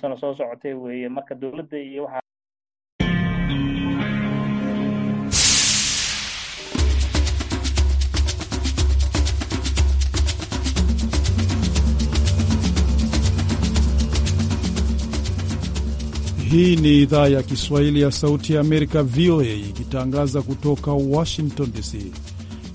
sano soo socotay weeye marka dowladda iyo waxa Hii ni idhaa ya Kiswahili ya Sauti ya Amerika, VOA, ikitangaza kutoka Washington DC.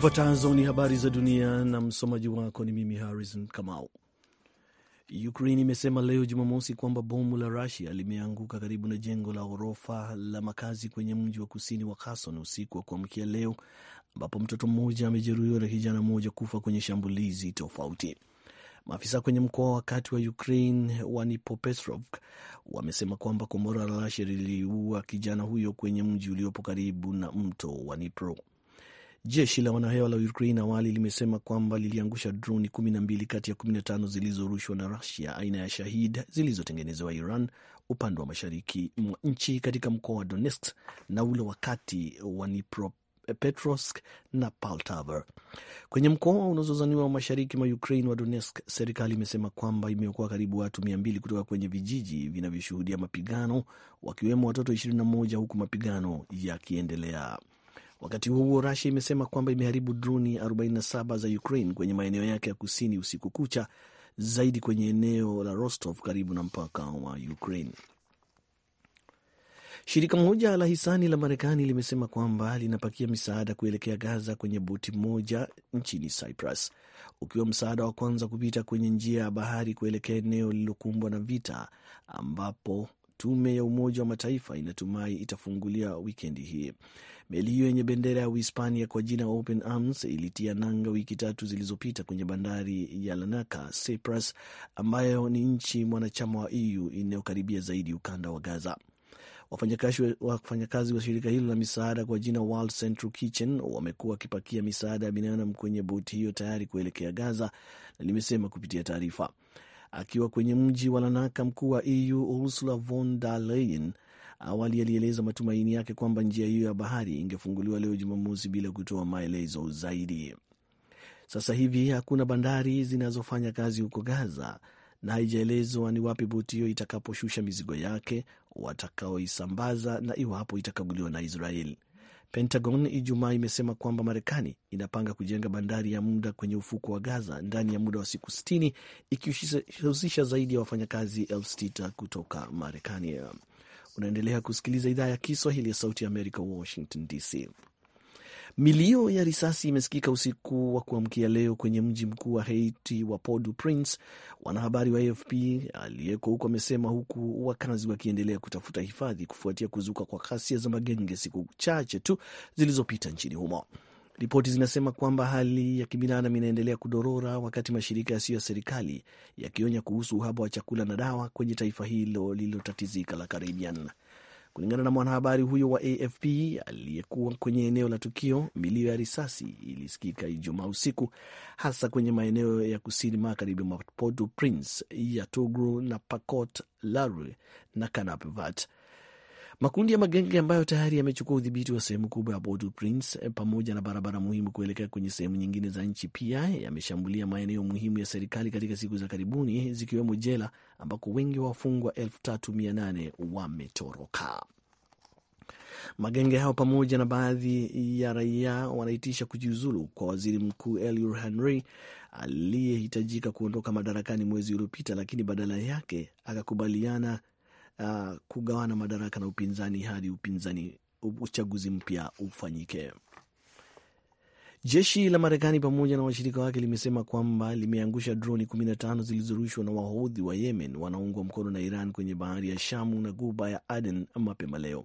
Zifuatazo ni habari za dunia na msomaji wako ni mimi Harrison Kamau. Ukraine imesema leo Jumamosi kwamba bomu la Rusia limeanguka karibu na jengo la ghorofa la makazi kwenye mji wa kusini wa Kherson usiku wa kuamkia leo, ambapo mtoto mmoja amejeruhiwa na kijana mmoja kufa kwenye shambulizi tofauti. Maafisa kwenye mkoa wa kati wa Ukraine wa Dnipropetrovsk wamesema kwamba kombora la Rusia liliua kijana huyo kwenye mji uliopo karibu na mto wa Nipro. Jeshi la wanahewa la Ukraine awali limesema kwamba liliangusha droni 12 kati ya 15 zilizorushwa na Rusia aina ya Shahid zilizotengenezewa Iran upande wa mashariki mwa nchi katika mkoa wa Donetsk na ule wakati wa Dnipropetrovsk na Poltava. Kwenye mkoa unaozozaniwa wa mashariki mwa Ukraine wa Donetsk, serikali imesema kwamba imeokoa karibu watu 200 kutoka kwenye vijiji vinavyoshuhudia mapigano, wakiwemo watoto 21 huku mapigano yakiendelea. Wakati huo huo, Rusia imesema kwamba imeharibu droni 47 za Ukraine kwenye maeneo yake ya kusini usiku kucha, zaidi kwenye eneo la Rostov karibu na mpaka wa Ukraine. Shirika moja la hisani la Marekani limesema kwamba linapakia misaada kuelekea Gaza kwenye boti moja nchini Cyprus, ukiwa msaada wa kwanza kupita kwenye njia ya bahari kuelekea eneo lililokumbwa na vita ambapo tume ya Umoja wa Mataifa inatumai itafungulia wikendi hii. Meli hiyo yenye bendera ya Uhispania kwa jina Open Arms ilitia nanga wiki tatu zilizopita kwenye bandari ya Lanaka, Cyprus, ambayo ni nchi mwanachama wa EU inayokaribia zaidi ukanda wa Gaza. Wafanyakazi wa shirika hilo la misaada kwa jina World Central Kitchen wamekuwa wakipakia misaada ya binadamu kwenye boti hiyo tayari kuelekea Gaza, na limesema kupitia taarifa Akiwa kwenye mji wa Lanaka, mkuu wa EU Ursula von der Leyen awali alieleza matumaini yake kwamba njia hiyo ya bahari ingefunguliwa leo Jumamosi bila kutoa maelezo zaidi. Sasa hivi hakuna bandari zinazofanya kazi huko Gaza na haijaelezwa ni wapi boti hiyo itakaposhusha mizigo yake, watakaoisambaza na iwapo itakaguliwa na Israeli. Pentagon Ijumaa imesema kwamba Marekani inapanga kujenga bandari ya muda kwenye ufuko wa Gaza ndani ya muda wa siku 60 ikihusisha zaidi ya wafanyakazi elfu sita kutoka Marekani. Unaendelea kusikiliza idhaa ya Kiswahili ya Sauti ya Amerika, Washington DC. Milio ya risasi imesikika usiku wa kuamkia leo kwenye mji mkuu wa Haiti wa Port-au-Prince, wanahabari wa AFP aliyeko huko amesema, huku wakazi wakiendelea kutafuta hifadhi kufuatia kuzuka kwa ghasia za magenge siku chache tu zilizopita nchini humo. Ripoti zinasema kwamba hali ya kibinadamu inaendelea kudorora wakati mashirika yasiyo ya serikali yakionya kuhusu uhaba wa chakula na dawa kwenye taifa hilo lililotatizika la Caribbean. Kulingana na mwanahabari huyo wa AFP aliyekuwa kwenye eneo la tukio, milio ya risasi ilisikika Ijumaa usiku, hasa kwenye maeneo ya kusini magharibi mwa Port-au-Prince ya Togo na pakot Lare na Canapivat. Makundi ya magenge ambayo tayari yamechukua udhibiti wa sehemu kubwa ya Port-au-Prince eh, pamoja na barabara muhimu kuelekea kwenye sehemu nyingine za nchi pia yameshambulia maeneo muhimu ya serikali katika siku za karibuni, zikiwemo jela ambako wengi wa wafungwa 3800 wametoroka. Magenge hayo pamoja na baadhi ya raia wanaitisha kujiuzulu kwa waziri mkuu Eliud Henry aliyehitajika kuondoka madarakani mwezi uliopita, lakini badala yake akakubaliana uh, kugawana madaraka na upinzani hadi upinzani uchaguzi mpya ufanyike. Jeshi la Marekani pamoja na washirika wake limesema kwamba limeangusha droni 15 zilizorushwa na wahodhi wa Yemen wanaungwa mkono na Iran kwenye bahari ya Shamu na guba ya Aden mapema leo.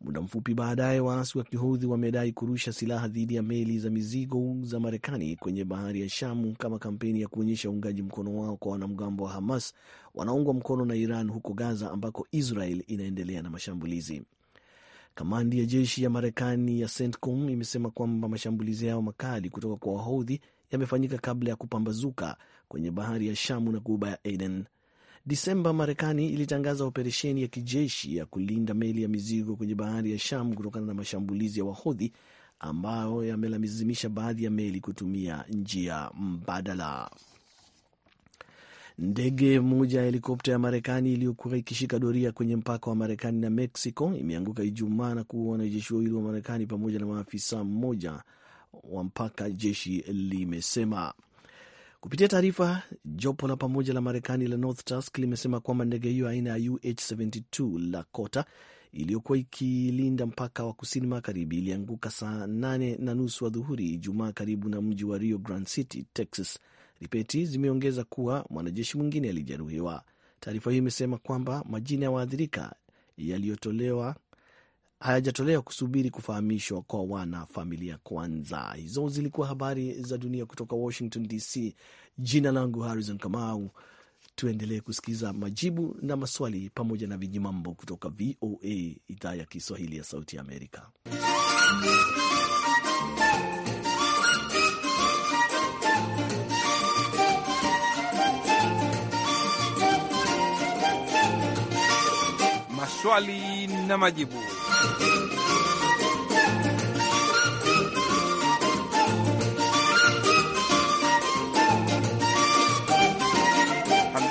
Muda mfupi baadaye, waasi wa kihudhi wamedai kurusha silaha dhidi ya meli za mizigo za Marekani kwenye bahari ya Shamu kama kampeni ya kuonyesha uungaji mkono wao kwa wanamgambo wa Hamas wanaungwa mkono na Iran huko Gaza, ambako Israel inaendelea na mashambulizi. Kamandi ya jeshi ya Marekani ya CENTCOM imesema kwamba mashambulizi yao makali kutoka kwa Wahodhi yamefanyika kabla ya kupambazuka kwenye bahari ya Shamu na kuba ya Aden. Disemba, Marekani ilitangaza operesheni ya kijeshi ya kulinda meli ya mizigo kwenye bahari ya Sham kutokana na mashambulizi ya Wahodhi ambayo yamelazimisha baadhi ya meli kutumia njia mbadala. Ndege moja ya helikopta ya Marekani iliyokuwa ikishika doria kwenye mpaka wa Marekani na Mexico imeanguka Ijumaa na kuua wanajeshi wawili wa Marekani pamoja na maafisa mmoja wa mpaka, jeshi limesema. Kupitia taarifa, jopo la pamoja la Marekani la North Task limesema kwamba ndege hiyo aina ya UH-72 la kota iliyokuwa ikilinda mpaka wa kusini magharibi ilianguka saa nane na nusu adhuhuri Ijumaa karibu na mji wa Rio Grande City, Texas. Ripeti zimeongeza kuwa mwanajeshi mwingine alijeruhiwa. Taarifa hiyo imesema kwamba majina ya waathirika yaliyotolewa hayajatolewa kusubiri kufahamishwa kwa wana familia kwanza. Hizo zilikuwa habari za dunia kutoka Washington DC. Jina langu Harrison Kamau. Tuendelee kusikiza majibu na maswali pamoja na vijimambo kutoka VOA idhaa ya Kiswahili ya Sauti ya Amerika. Maswali na majibu.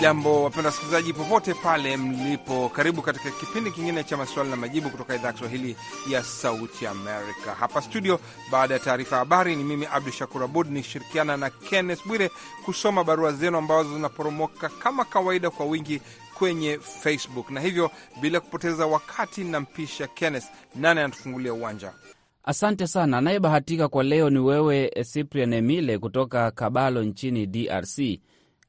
Jambo wapenda wasikilizaji, popote pale mlipo, karibu katika kipindi kingine cha maswali na majibu kutoka idhaa ya Kiswahili ya Sauti Amerika hapa studio. Baada ya taarifa ya habari, ni mimi Abdu Shakur Abud nikishirikiana na Kennes Bwire kusoma barua zenu ambazo zinaporomoka kama kawaida kwa wingi kwenye Facebook. Na hivyo bila kupoteza wakati, nampisha Kenneth nane anatufungulia uwanja. Asante sana. Anayebahatika kwa leo ni wewe eh, Cyprian Emile kutoka Kabalo nchini DRC.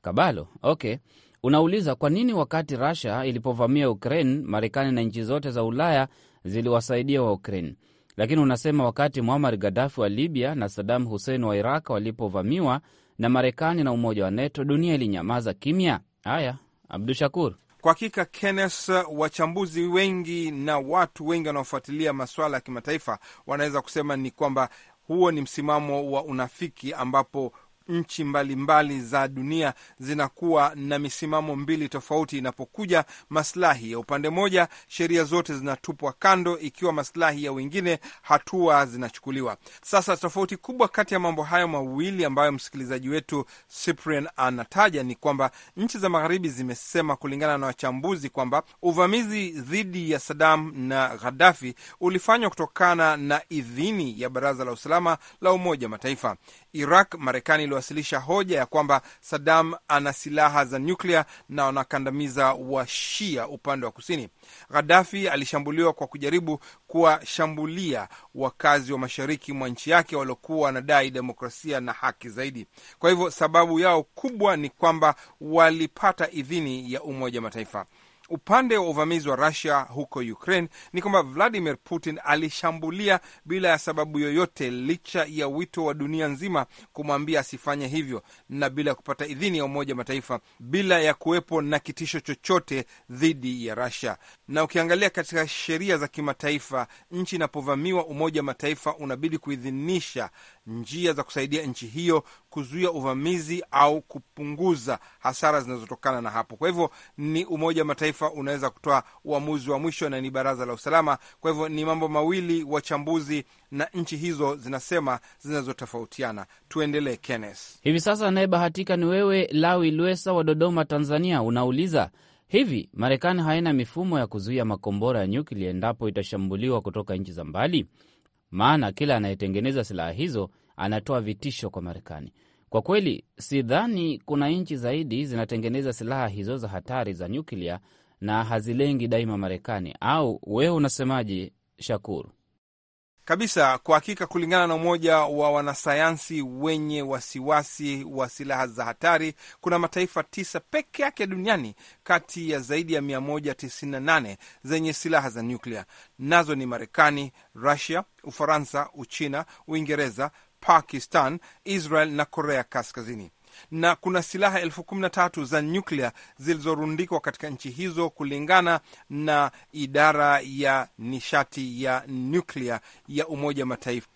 Kabalo, okay. Unauliza kwa nini wakati Russia ilipovamia Ukraine, Marekani na nchi zote za Ulaya ziliwasaidia wa Ukraine, lakini unasema wakati Muammar Gaddafi wa Libya na Saddam Hussein wa Iraq walipovamiwa na Marekani na umoja wa NATO, dunia ilinyamaza kimya. Haya, Abdu Shakur. Kwa hakika Kennes, wachambuzi wengi na watu wengi wanaofuatilia masuala ya kimataifa wanaweza kusema ni kwamba huo ni msimamo wa unafiki ambapo nchi mbalimbali mbali za dunia zinakuwa na misimamo mbili tofauti. Inapokuja maslahi ya upande mmoja, sheria zote zinatupwa kando, ikiwa maslahi ya wengine, hatua zinachukuliwa. Sasa tofauti kubwa kati ya mambo hayo mawili ambayo msikilizaji wetu Cyprian anataja ni kwamba nchi za magharibi zimesema, kulingana na wachambuzi, kwamba uvamizi dhidi ya Saddam na Gaddafi ulifanywa kutokana na idhini ya Baraza la Usalama la Umoja Mataifa. Iraq, Marekani iliwasilisha hoja ya kwamba Saddam ana silaha za nyuklia na wanakandamiza washia upande wa kusini. Ghadafi alishambuliwa kwa kujaribu kuwashambulia wakazi wa mashariki mwa nchi yake waliokuwa wanadai demokrasia na haki zaidi. Kwa hivyo sababu yao kubwa ni kwamba walipata idhini ya Umoja Mataifa. Upande wa uvamizi wa Rusia huko Ukraine ni kwamba Vladimir Putin alishambulia bila ya sababu yoyote, licha ya wito wa dunia nzima kumwambia asifanye hivyo, na bila ya kupata idhini ya Umoja wa Mataifa, bila ya kuwepo na kitisho chochote dhidi ya Rusia na ukiangalia katika sheria za kimataifa, nchi inapovamiwa, Umoja wa Mataifa unabidi kuidhinisha njia za kusaidia nchi hiyo kuzuia uvamizi au kupunguza hasara zinazotokana na hapo. Kwa hivyo ni Umoja wa Mataifa unaweza kutoa uamuzi wa mwisho na ni Baraza la Usalama. Kwa hivyo ni mambo mawili wachambuzi na nchi hizo zinasema zinazotofautiana. Tuendelee, Kenneth. Hivi sasa anayebahatika ni wewe Lawi Lwesa wa Dodoma, Tanzania. Unauliza, Hivi Marekani haina mifumo ya kuzuia makombora ya nyuklia endapo itashambuliwa kutoka nchi za mbali? Maana kila anayetengeneza silaha hizo anatoa vitisho kwa Marekani. Kwa kweli, sidhani kuna nchi zaidi zinatengeneza silaha hizo za hatari za nyuklia na hazilengi daima Marekani. Au wewe unasemaje, Shakuru? kabisa. Kwa hakika, kulingana na umoja wa wanasayansi wenye wasiwasi wa silaha za hatari, kuna mataifa tisa peke yake duniani kati ya zaidi ya 198 zenye silaha za nyuklia, nazo ni Marekani, Rusia, Ufaransa, Uchina, Uingereza, Pakistan, Israel na Korea Kaskazini na kuna silaha elfu kumi na tatu za nyuklia zilizorundikwa katika nchi hizo kulingana na idara ya nishati ya nyuklia ya Umoja Mataifa.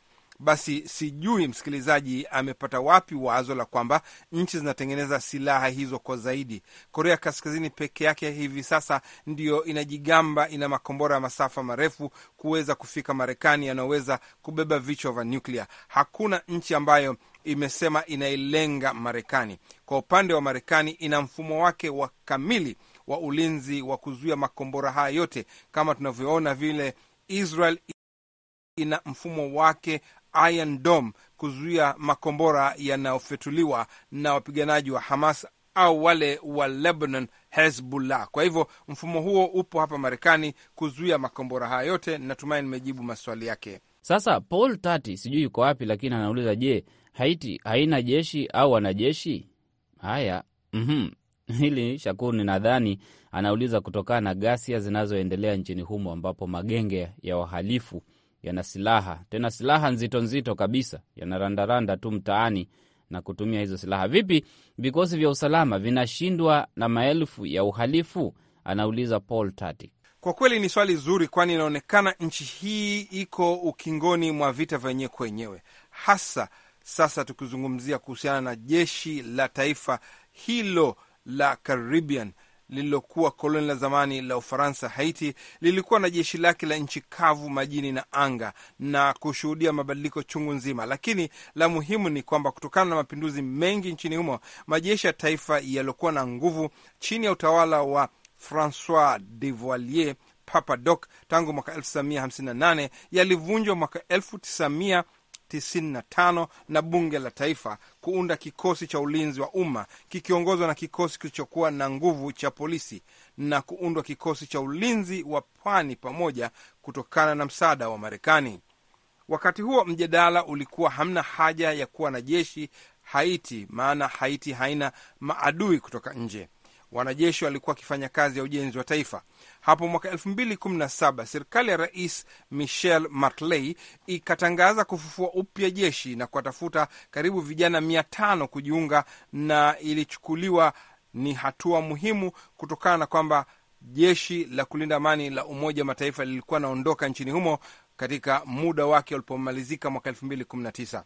Basi sijui msikilizaji amepata wapi wazo la kwamba nchi zinatengeneza silaha hizo kwa zaidi. Korea Kaskazini peke yake hivi sasa ndiyo inajigamba ina makombora ya masafa marefu kuweza kufika Marekani yanayoweza kubeba vichwa vya nyuklia. Hakuna nchi ambayo imesema inailenga Marekani. Kwa upande wa Marekani, ina mfumo wake wa kamili wa ulinzi wa kuzuia makombora haya yote, kama tunavyoona vile Israel ina mfumo wake Iron Dome kuzuia makombora yanayofetuliwa na wapiganaji wa Hamas au wale wa Lebanon Hezbollah. Kwa hivyo mfumo huo upo hapa Marekani kuzuia makombora haya yote. Natumai nimejibu maswali yake. Sasa Paul Tati sijui yuko wapi, lakini anauliza je, Haiti haina jeshi au wanajeshi? Haya, mm-hmm. Hili Shakuru, ninadhani anauliza kutokana na ghasia zinazoendelea nchini humo, ambapo magenge ya wahalifu yana silaha, tena silaha nzito nzito kabisa, yanarandaranda tu mtaani na kutumia hizo silaha. Vipi vikosi vya usalama vinashindwa na maelfu ya uhalifu? Anauliza Paul Tatik. Kwa kweli ni swali zuri, kwani inaonekana nchi hii iko ukingoni mwa vita vyenyewe kwa wenyewe, hasa sasa tukizungumzia kuhusiana na jeshi la taifa hilo la Caribbean lililokuwa koloni la zamani la Ufaransa. Haiti lilikuwa na jeshi lake la nchi kavu, majini na anga, na kushuhudia mabadiliko chungu nzima. Lakini la muhimu ni kwamba kutokana na mapinduzi mengi nchini humo, majeshi ya taifa yaliyokuwa na nguvu chini ya utawala wa Francois Devoilier Doc tangu mwaka 1958 yalivunjwa mwaka 1995 na bunge la taifa kuunda kikosi cha ulinzi wa umma kikiongozwa na kikosi kilichokuwa na nguvu cha polisi na kuundwa kikosi cha ulinzi wa pwani pamoja kutokana na msaada wa Marekani. Wakati huo mjadala ulikuwa hamna haja ya kuwa na jeshi Haiti, maana Haiti haina maadui kutoka nje wanajeshi walikuwa wakifanya kazi ya ujenzi wa taifa. Hapo mwaka 2017 serikali ya Rais Michel Martley ikatangaza kufufua upya jeshi na kuwatafuta karibu vijana 500 kujiunga, na ilichukuliwa ni hatua muhimu kutokana na kwamba jeshi la kulinda amani la Umoja wa Mataifa lilikuwa naondoka nchini humo katika muda wake ulipomalizika mwaka 219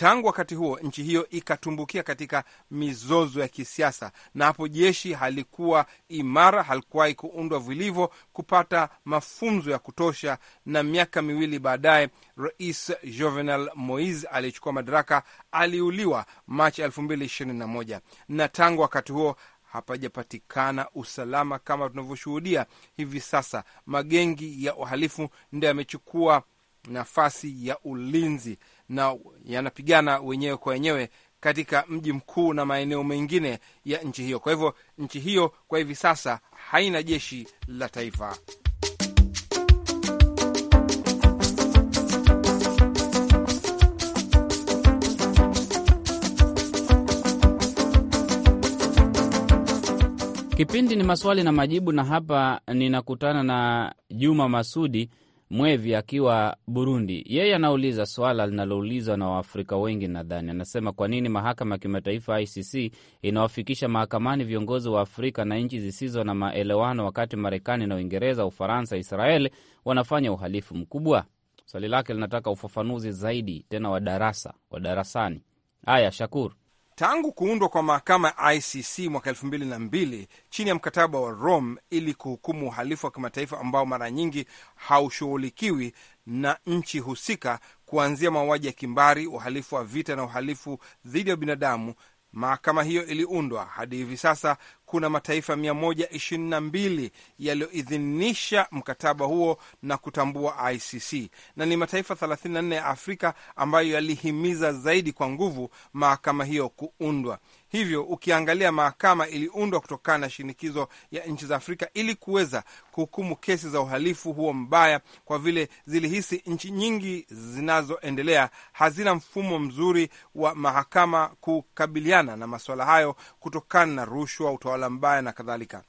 Tangu wakati huo nchi hiyo ikatumbukia katika mizozo ya kisiasa, na hapo jeshi halikuwa imara, halikuwahi kuundwa vilivyo kupata mafunzo ya kutosha, na miaka miwili baadaye Rais Jovenel Moise aliyechukua madaraka aliuliwa Machi 2021 na tangu wakati huo hapajapatikana usalama kama tunavyoshuhudia hivi sasa. Magengi ya uhalifu ndio yamechukua nafasi ya ulinzi na yanapigana wenyewe kwa wenyewe katika mji mkuu na maeneo mengine ya nchi hiyo. Kwa hivyo nchi hiyo kwa hivi sasa haina jeshi la taifa. Kipindi ni maswali na majibu, na hapa ninakutana na Juma Masudi Mwevi akiwa Burundi, yeye anauliza swala linaloulizwa na Waafrika wengi nadhani, anasema kwa nini mahakama ya kimataifa ICC inawafikisha mahakamani viongozi wa Afrika na nchi zisizo na maelewano, wakati Marekani na Uingereza, Ufaransa, Israel wanafanya uhalifu mkubwa. Swali lake linataka ufafanuzi zaidi, tena wadarasa wadarasani. Haya, Shakur. Tangu kuundwa kwa mahakama ya ICC mwaka elfu mbili na mbili chini ya mkataba wa Rome ili kuhukumu uhalifu wa kimataifa ambao mara nyingi haushughulikiwi na nchi husika, kuanzia mauaji ya kimbari, uhalifu wa vita na uhalifu dhidi ya binadamu, mahakama hiyo iliundwa. Hadi hivi sasa kuna mataifa 122 yaliyoidhinisha mkataba huo na kutambua ICC na ni mataifa 34 ya Afrika ambayo yalihimiza zaidi kwa nguvu mahakama hiyo kuundwa. Hivyo ukiangalia mahakama iliundwa kutokana na shinikizo ya nchi za Afrika ili kuweza kuhukumu kesi za uhalifu huo mbaya, kwa vile zilihisi nchi nyingi zinazoendelea hazina mfumo mzuri wa mahakama kukabiliana na masuala hayo kutokana na rushwa, utawala mbaya na kadhalika.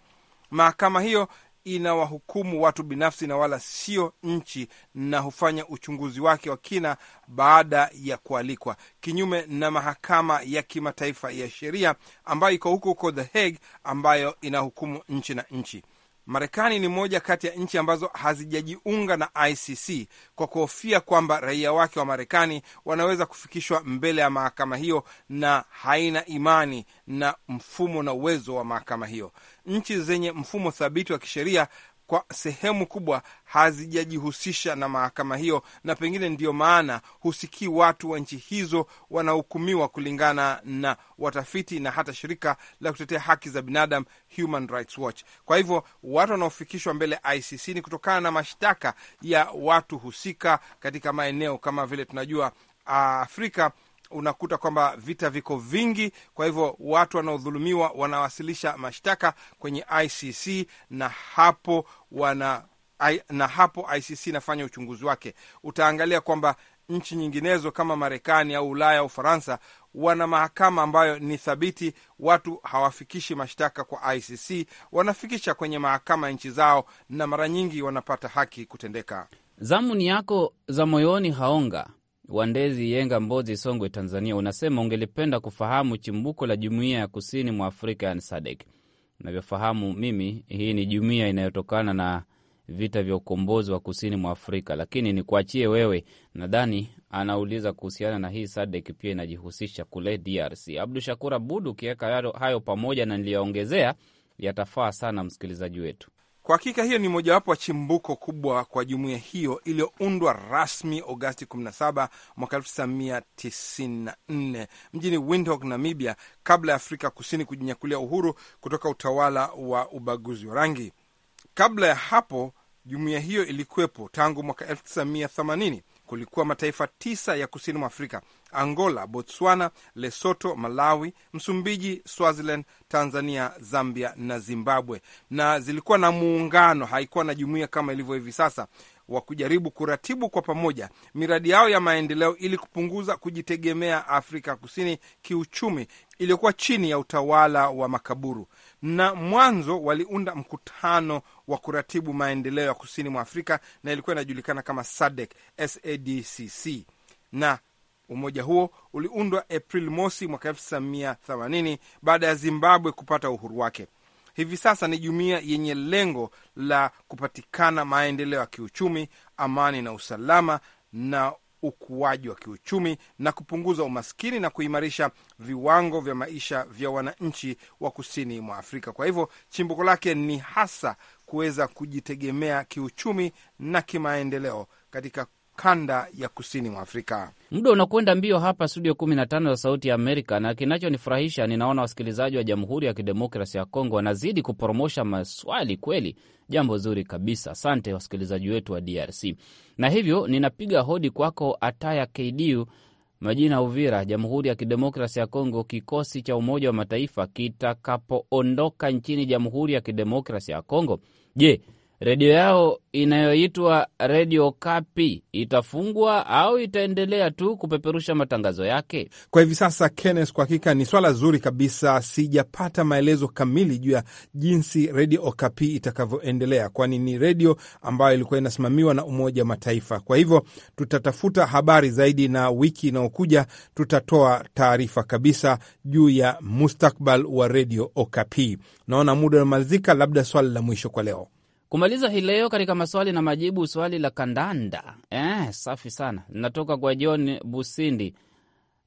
Mahakama hiyo inawahukumu watu binafsi na wala sio nchi, na hufanya uchunguzi wake wa kina baada ya kualikwa, kinyume na mahakama ya kimataifa ya sheria ambayo iko huko huko The Hague, ambayo inahukumu nchi na nchi. Marekani ni moja kati ya nchi ambazo hazijajiunga na ICC kwa kuhofia kwamba raia wake wa Marekani wanaweza kufikishwa mbele ya mahakama hiyo, na haina imani na mfumo na uwezo wa mahakama hiyo. Nchi zenye mfumo thabiti wa kisheria kwa sehemu kubwa hazijajihusisha na mahakama hiyo, na pengine ndiyo maana husikii watu wa nchi hizo wanahukumiwa, kulingana na watafiti na hata shirika la kutetea haki za binadamu Human Rights Watch. Kwa hivyo watu wanaofikishwa mbele ICC ni kutokana na mashtaka ya watu husika katika maeneo kama vile tunajua Afrika unakuta kwamba vita viko vingi. Kwa hivyo watu wanaodhulumiwa wanawasilisha mashtaka kwenye ICC na hapo wana na hapo ICC inafanya uchunguzi wake. Utaangalia kwamba nchi nyinginezo kama Marekani au Ulaya au Ufaransa wana mahakama ambayo ni thabiti. Watu hawafikishi mashtaka kwa ICC, wanafikisha kwenye mahakama ya nchi zao, na mara nyingi wanapata haki kutendeka. Zamu ni yako za moyoni haonga Wandezi Yenga, Mbozi, Songwe, Tanzania, unasema ungelipenda kufahamu chimbuko la jumuiya ya kusini mwa Afrika yani SADEK. Navyofahamu mimi, hii ni jumuiya inayotokana na vita vya ukombozi wa kusini mwa Afrika, lakini nikuachie wewe. Nadhani anauliza kuhusiana na hii SADEK pia inajihusisha kule DRC. Abdu Shakur Abud, ukiweka hayo pamoja na niliyoongezea, yatafaa sana msikilizaji wetu. Kwa hakika hiyo ni mojawapo wa chimbuko kubwa kwa jumuiya hiyo iliyoundwa rasmi Agosti 17 mwaka 1994 mjini Windhoek, Namibia, kabla ya Afrika Kusini kujinyakulia uhuru kutoka utawala wa ubaguzi wa rangi. Kabla ya hapo jumuiya hiyo ilikuwepo tangu mwaka 1980. Kulikuwa mataifa tisa ya kusini mwa Afrika Angola, Botswana, Lesoto, Malawi, Msumbiji, Swaziland, Tanzania, Zambia na Zimbabwe. Na zilikuwa na muungano, haikuwa na jumuiya kama ilivyo hivi sasa, wa kujaribu kuratibu kwa pamoja miradi yao ya maendeleo ili kupunguza kujitegemea Afrika Kusini kiuchumi iliyokuwa chini ya utawala wa makaburu. Na mwanzo waliunda mkutano wa kuratibu maendeleo ya kusini mwa Afrika na ilikuwa inajulikana kama SADC, SADCC na Umoja huo uliundwa april mosi mwaka 1980 baada ya Zimbabwe kupata uhuru wake. Hivi sasa ni jumuiya yenye lengo la kupatikana maendeleo ya kiuchumi, amani na usalama na ukuaji wa kiuchumi na kupunguza umaskini na kuimarisha viwango vya maisha vya wananchi wa kusini mwa Afrika. Kwa hivyo chimbuko lake ni hasa kuweza kujitegemea kiuchumi na kimaendeleo katika kanda ya kusini mwa Afrika. Muda unakwenda mbio hapa studio 15 za Sauti ya Amerika, na kinachonifurahisha ninaona wasikilizaji wa Jamhuri ya Kidemokrasi ya Kongo wanazidi kuporomosha maswali kweli, jambo zuri kabisa. Asante wasikilizaji wetu wa DRC, na hivyo ninapiga hodi kwako Ataya KDU majina Uvira, Jamhuri ya Kidemokrasi ya Kongo. Kikosi cha Umoja wa Mataifa kitakapoondoka nchini Jamhuri ya Kidemokrasi ya Kongo, je, redio yao inayoitwa Redio Kapi itafungwa au itaendelea tu kupeperusha matangazo yake kwa hivi sasa? Kenneth, kwa hakika ni swala zuri kabisa. Sijapata maelezo kamili juu ya jinsi Redio Okapi itakavyoendelea, kwani ni redio ambayo ilikuwa inasimamiwa na Umoja wa Mataifa. Kwa hivyo tutatafuta habari zaidi, na wiki inayokuja tutatoa taarifa kabisa juu ya mustakbal wa Redio Okapi. Naona muda unamalizika, labda swali la mwisho kwa leo Kumaliza hii leo katika maswali na majibu, swali la kandanda eh, safi sana, linatoka kwa John Busindi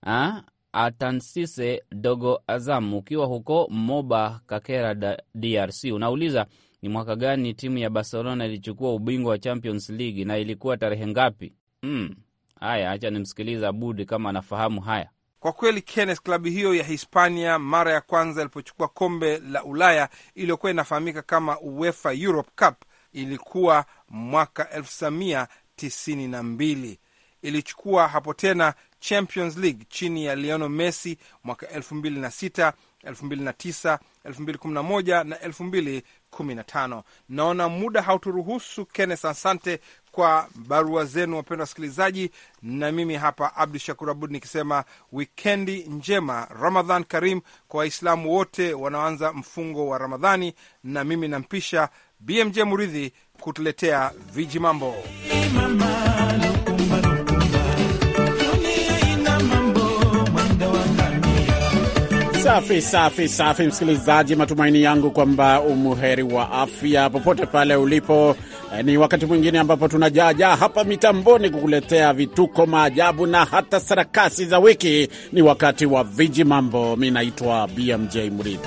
ah, Atansise Dogo Azam, ukiwa huko Moba Kakera, DRC, unauliza ni mwaka gani timu ya Barcelona ilichukua ubingwa wa Champions League na ilikuwa tarehe ngapi? Hmm, haya, hmm, acha nimsikiliza budi kama anafahamu haya. Kwa kweli, Kenneth, klabu hiyo ya Hispania mara ya kwanza ilipochukua kombe la Ulaya iliyokuwa inafahamika kama UEFA Europe Cup ilikuwa mwaka 1992 ilichukua hapo tena Champions League chini ya Lionel Messi mwaka 2006, 2009, 2011 na 2015. Naona muda hauturuhusu Kenneth, asante kwa barua zenu, wapendwa wasikilizaji, na mimi hapa Abdu Shakur Abud nikisema wikendi njema, Ramadhan karim kwa Waislamu wote wanaoanza mfungo wa Ramadhani, na mimi nampisha BMJ Muridhi kutuletea viji mambo. Safi safi safi, msikilizaji, matumaini yangu kwamba umuheri wa afya popote pale ulipo Eh, ni wakati mwingine ambapo tunajaajaa hapa mitamboni kukuletea vituko, maajabu na hata sarakasi za wiki. Ni wakati wa viji mambo. Mi naitwa BMJ Mridhi.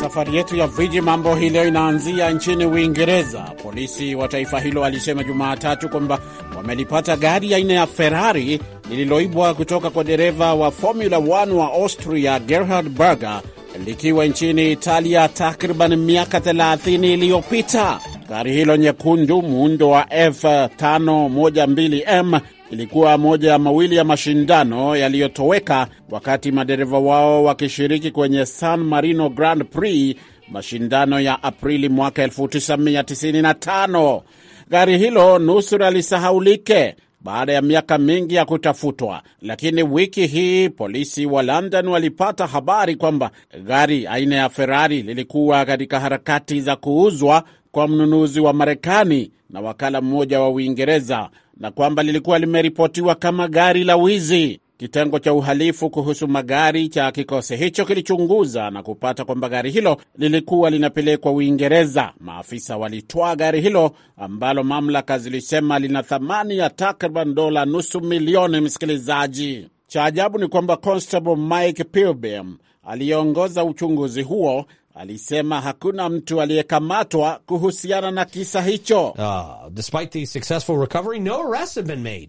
Safari yetu ya viji mambo hii leo inaanzia nchini Uingereza. Polisi wa taifa hilo walisema Jumatatu kwamba wamelipata gari aina ya Ferrari lililoibwa kutoka kwa dereva wa Formula 1 wa Austria Gerhard Berger likiwa nchini Italia takriban miaka 30 iliyopita. Gari hilo nyekundu muundo wa F512M ilikuwa moja mawili ya mashindano yaliyotoweka wakati madereva wao wakishiriki kwenye San Marino Grand Prix, mashindano ya Aprili mwaka 1995. Gari hilo nusura lisahaulike baada ya miaka mingi ya kutafutwa. Lakini wiki hii polisi wa London walipata habari kwamba gari aina ya Ferrari lilikuwa katika harakati za kuuzwa kwa mnunuzi wa Marekani na wakala mmoja wa Uingereza na kwamba lilikuwa limeripotiwa kama gari la wizi. Kitengo cha uhalifu kuhusu magari cha kikosi hicho kilichunguza na kupata kwamba gari hilo lilikuwa linapelekwa Uingereza. Maafisa walitwaa gari hilo ambalo mamlaka zilisema lina thamani ya takriban dola nusu milioni. Msikilizaji, cha ajabu ni kwamba Constable Mike Pilbeam aliyeongoza uchunguzi huo alisema hakuna mtu aliyekamatwa kuhusiana na kisa hicho. Uh, despite the successful recovery, no arrests have been made.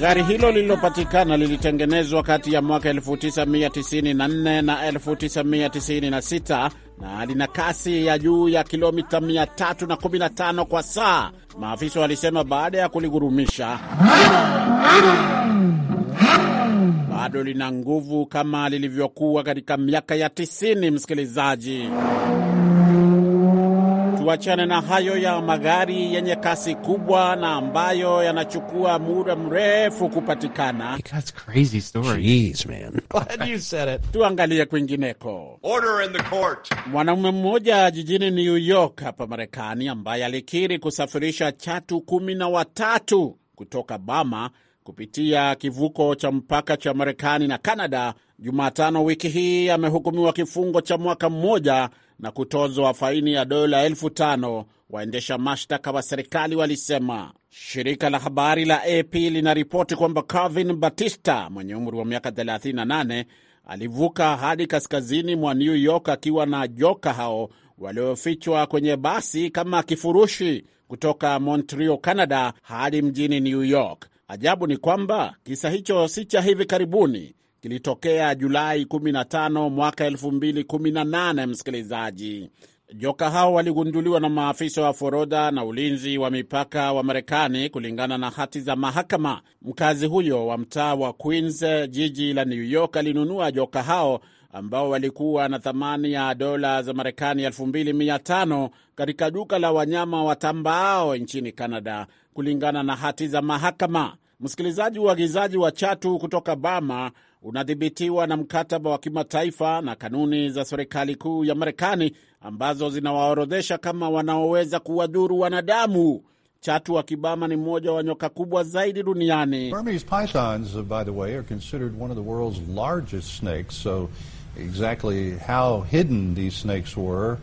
Gari hilo lililopatikana lilitengenezwa kati ya mwaka 1994 na 1996 na lina kasi ya juu ya kilomita 315 kwa saa, maafisa walisema baada ya kuligurumisha. Bado lina nguvu kama lilivyokuwa katika miaka ya 90, msikilizaji. Tuachane na hayo ya magari yenye kasi kubwa na ambayo yanachukua muda mrefu kupatikana. Tuangalie kwingineko. Mwanaume mmoja jijini New York hapa Marekani, ambaye alikiri kusafirisha chatu kumi na watatu kutoka Bama kupitia kivuko cha mpaka cha Marekani na Canada Jumatano wiki hii amehukumiwa kifungo cha mwaka mmoja na kutozwa faini ya dola elfu tano waendesha mashtaka wa serikali walisema. Shirika la habari la AP linaripoti kwamba Calvin Batista mwenye umri wa miaka 38 alivuka hadi kaskazini mwa New York akiwa na joka hao waliofichwa kwenye basi kama kifurushi kutoka Montreal, Canada hadi mjini New York. Ajabu ni kwamba kisa hicho si cha hivi karibuni, kilitokea Julai 15 mwaka 2018. Msikilizaji, joka hao waligunduliwa na maafisa wa forodha na ulinzi wa mipaka wa Marekani kulingana na hati za mahakama. Mkazi huyo wa mtaa wa Queens, jiji la New York, alinunua joka hao ambao walikuwa na thamani ya dola za Marekani 2500 katika duka la wanyama watambaao nchini canada kulingana na hati za mahakama. Msikilizaji, uagizaji wa chatu kutoka Bama unadhibitiwa na mkataba wa kimataifa na kanuni za serikali kuu ya Marekani ambazo zinawaorodhesha kama wanaoweza kuwadhuru wanadamu. Chatu wa kibama ni mmoja wa nyoka kubwa zaidi duniani. Burmese pythons, uh, by the way, are considered one of the world's largest snakes, so exactly how hidden these snakes were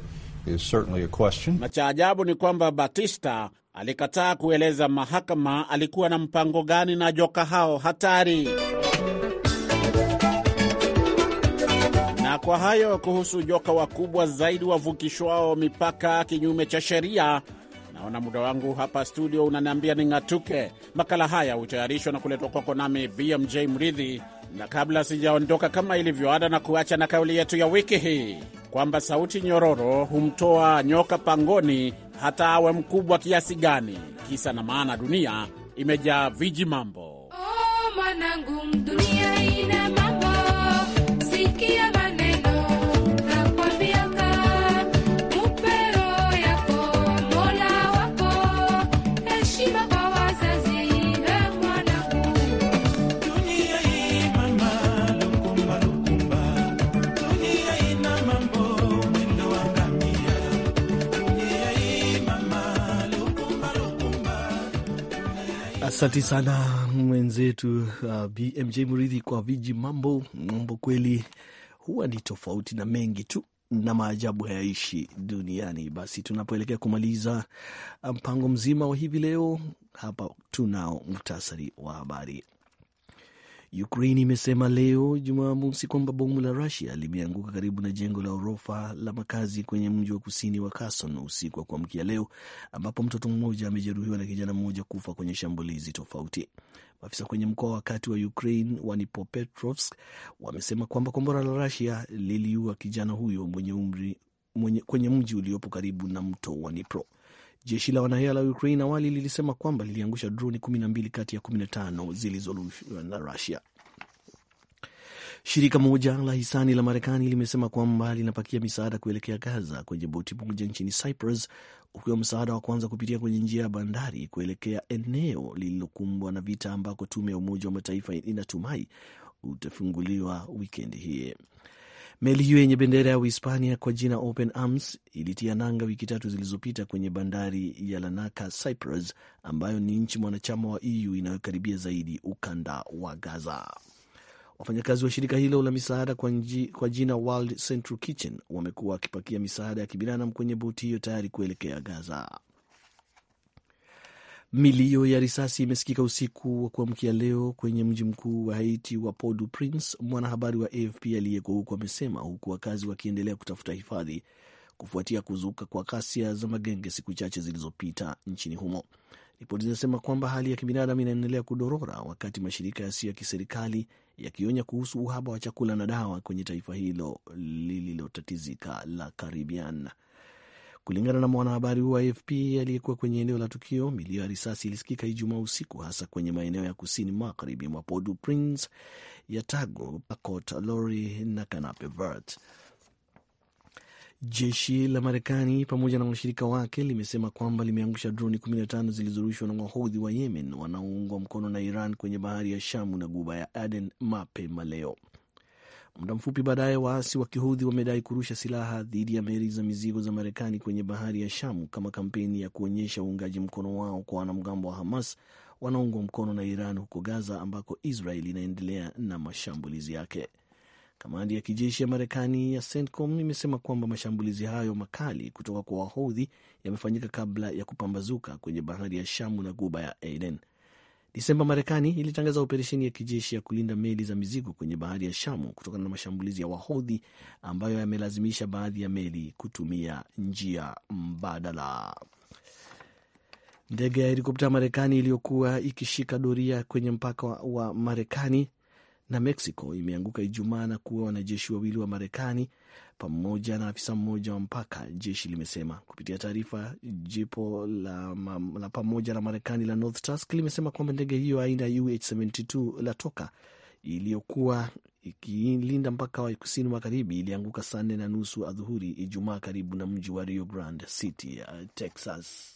is certainly a question. Na cha ajabu ni kwamba Batista alikataa kueleza mahakama alikuwa na mpango gani na joka hao hatari. kwa hayo kuhusu joka wakubwa zaidi wavukishwao mipaka kinyume cha sheria. Naona muda wangu hapa studio unaniambia ning'atuke. Makala haya hutayarishwa na kuletwa kwako nami BMJ Mridhi, na kabla sijaondoka, kama ilivyo ada, na kuacha na kauli yetu ya wiki hii kwamba sauti nyororo humtoa nyoka pangoni hata awe mkubwa kiasi gani. Kisa na maana, dunia imejaa viji mambo. Oh, dunia ina Asante sana mwenzetu uh, BMJ Muridhi kwa viji mambo. Mambo kweli huwa ni tofauti na mengi tu na maajabu hayaishi duniani. Basi tunapoelekea kumaliza uh, mpango mzima wa hivi leo hapa, tunao muhtasari wa habari. Ukraine imesema leo Jumamosi kwamba bomu la Rusia limeanguka karibu na jengo la ghorofa la makazi kwenye mji wa kusini wa Kherson usiku wa kuamkia leo, ambapo mtoto mmoja amejeruhiwa na kijana mmoja kufa kwenye shambulizi tofauti. Maafisa kwenye mkoa wa kati wa Ukraine wa Dnipropetrovsk wamesema kwamba kombora la Rusia liliua kijana huyo mwenye umri mwenye, kwenye mji uliopo karibu na mto wa Dnipro. Jeshi la wanahea la Ukraine awali lilisema kwamba liliangusha droni 12 kati ya 15 zilizorushwa na Rusia. Shirika moja la hisani la Marekani limesema kwamba linapakia misaada kuelekea Gaza kwenye boti moja nchini Cyprus, ukiwa msaada wa kwanza kupitia kwenye njia ya bandari kuelekea eneo lililokumbwa na vita ambako tume ya Umoja wa Mataifa inatumai utafunguliwa wikendi hii. Meli hiyo yenye bendera ya Uhispania kwa jina Open Arms ilitia nanga wiki tatu zilizopita kwenye bandari ya Lanaka, Cyprus, ambayo ni nchi mwanachama wa EU inayokaribia zaidi ukanda wa Gaza. Wafanyakazi wa shirika hilo la misaada kwa jina World Central Kitchen wamekuwa wakipakia misaada ya kibinadamu kwenye boti hiyo tayari kuelekea Gaza. Milio ya risasi imesikika usiku wa kuamkia leo kwenye mji mkuu wa Haiti wa Port-au-Prince, mwanahabari wa AFP aliyeko huko amesema, huku wakazi wakiendelea kutafuta hifadhi kufuatia kuzuka kwa kasia za magenge siku chache zilizopita nchini humo. Ripoti zinasema kwamba hali ya kibinadamu inaendelea kudorora wakati mashirika yasiyo ya kiserikali yakionya kuhusu uhaba wa chakula na dawa kwenye taifa hilo lililotatizika la Caribbean. Kulingana na mwanahabari wa AFP aliyekuwa kwenye eneo la tukio, milio ya risasi ilisikika Ijumaa usiku, hasa kwenye maeneo ya kusini magharibi mwa podu prince ya tago Port Lori na Kanape Vert. Jeshi la Marekani pamoja na washirika wake limesema kwamba limeangusha droni 15 zilizorushwa na wahodhi wa Yemen wanaoungwa mkono na Iran kwenye bahari ya Shamu na guba ya Aden mapema leo. Muda mfupi baadaye, waasi wa kihudhi wamedai kurusha silaha dhidi ya meli za mizigo za Marekani kwenye bahari ya Shamu kama kampeni ya kuonyesha uungaji mkono wao kwa wanamgambo wa Hamas wanaungwa mkono na Iran huko Gaza, ambako Israel inaendelea na mashambulizi yake. Kamandi ya kijeshi ya Marekani ya CENTCOM imesema kwamba mashambulizi hayo makali kutoka kwa Wahodhi yamefanyika kabla ya kupambazuka kwenye bahari ya Shamu na guba ya Aden disemba Marekani ilitangaza operesheni ya kijeshi ya kulinda meli za mizigo kwenye bahari ya Shamu kutokana na mashambulizi ya Wahodhi ambayo yamelazimisha baadhi ya meli kutumia njia mbadala. Ndege ya helikopta ya Marekani iliyokuwa ikishika doria kwenye mpaka wa Marekani na Mexico imeanguka Ijumaa na kuwa wanajeshi wawili wa Marekani pamoja na afisa mmoja wa mpaka, jeshi limesema kupitia taarifa. Jipo la, la pamoja la Marekani la North Tusk limesema kwamba ndege hiyo aina ya UH-72 la toka iliyokuwa ikilinda mpaka wa kusini magharibi ilianguka saa nne na nusu adhuhuri Ijumaa karibu na mji wa Rio Grande City, uh, Texas.